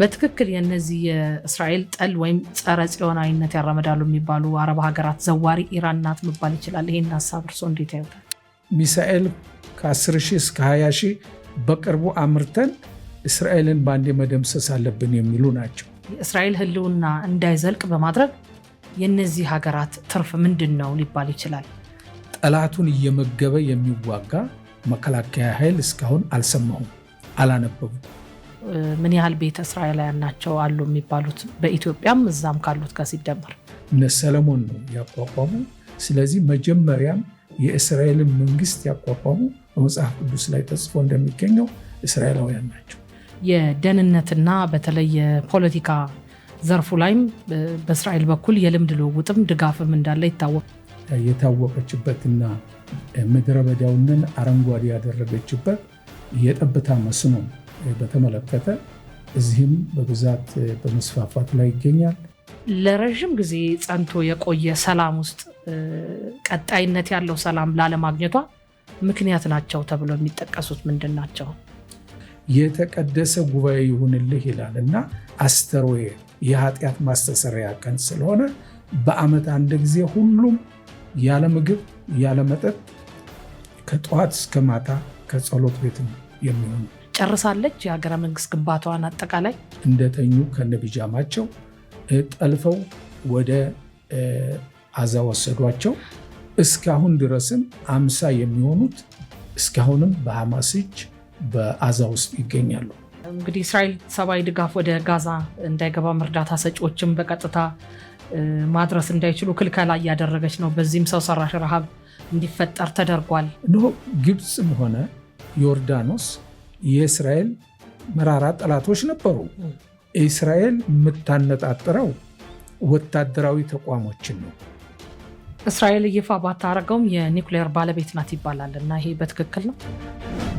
በትክክል የእነዚህ የእስራኤል ጠል ወይም ጸረ ጽዮናዊነት ያረመዳሉ የሚባሉ አረብ ሀገራት ዘዋሪ ኢራን ናት መባል ይችላል። ይህን ሀሳብ እርሶ እንዴት ያዩታል? ሚሳኤል ከ10 ሺህ እስከ 20 ሺህ በቅርቡ አምርተን እስራኤልን በአንዴ መደምሰስ አለብን የሚሉ ናቸው። የእስራኤል ህልውና እንዳይዘልቅ በማድረግ የእነዚህ ሀገራት ትርፍ ምንድን ነው ሊባል ይችላል። ጠላቱን እየመገበ የሚዋጋ መከላከያ ኃይል እስካሁን አልሰማሁም፣ አላነበቡም። ምን ያህል ቤተ እስራኤላውያን ናቸው አሉ የሚባሉት በኢትዮጵያም እዛም ካሉት ጋር ሲደመር እነ ሰለሞን ነው ያቋቋሙ። ስለዚህ መጀመሪያም የእስራኤልን መንግስት ያቋቋሙ በመጽሐፍ ቅዱስ ላይ ተጽፎ እንደሚገኘው እስራኤላውያን ናቸው። የደህንነትና በተለይ የፖለቲካ ዘርፉ ላይም በእስራኤል በኩል የልምድ ልውውጥም ድጋፍም እንዳለ ይታወቅ የታወቀችበትና ምድረ በዳውንን አረንጓዴ ያደረገችበት የጠብታ መስኖ ነው። በተመለከተ እዚህም በብዛት በመስፋፋት ላይ ይገኛል። ለረዥም ጊዜ ጸንቶ የቆየ ሰላም ውስጥ ቀጣይነት ያለው ሰላም ላለማግኘቷ ምክንያት ናቸው ተብሎ የሚጠቀሱት ምንድን ናቸው? የተቀደሰ ጉባኤ ይሁንልህ ይላል እና አስተሮየ የኃጢአት ማስተሰሪያ ቀን ስለሆነ በዓመት አንድ ጊዜ ሁሉም ያለ ምግብ ያለ መጠጥ ከጠዋት እስከ ማታ ከጸሎት ቤት ነው ጨርሳለች። የሀገረ መንግስት ግንባታዋን አጠቃላይ እንደተኙ ከነቢጃማቸው ጠልፈው ወደ አዛ ወሰዷቸው። እስካሁን ድረስም አምሳ የሚሆኑት እስካሁንም በሐማስ እጅ በአዛ ውስጥ ይገኛሉ። እንግዲህ እስራኤል ሰብአዊ ድጋፍ ወደ ጋዛ እንዳይገባም እርዳታ ሰጪዎችም በቀጥታ ማድረስ እንዳይችሉ ክልከላ እያደረገች ነው። በዚህም ሰው ሰራሽ ረሃብ እንዲፈጠር ተደርጓል። ግብፅም ሆነ ዮርዳኖስ የእስራኤል መራራ ጠላቶች ነበሩ። እስራኤል የምታነጣጥረው ወታደራዊ ተቋሞችን ነው። እስራኤል ይፋ ባታረገውም የኒውክሌር ባለቤት ናት ይባላል እና ይሄ በትክክል ነው።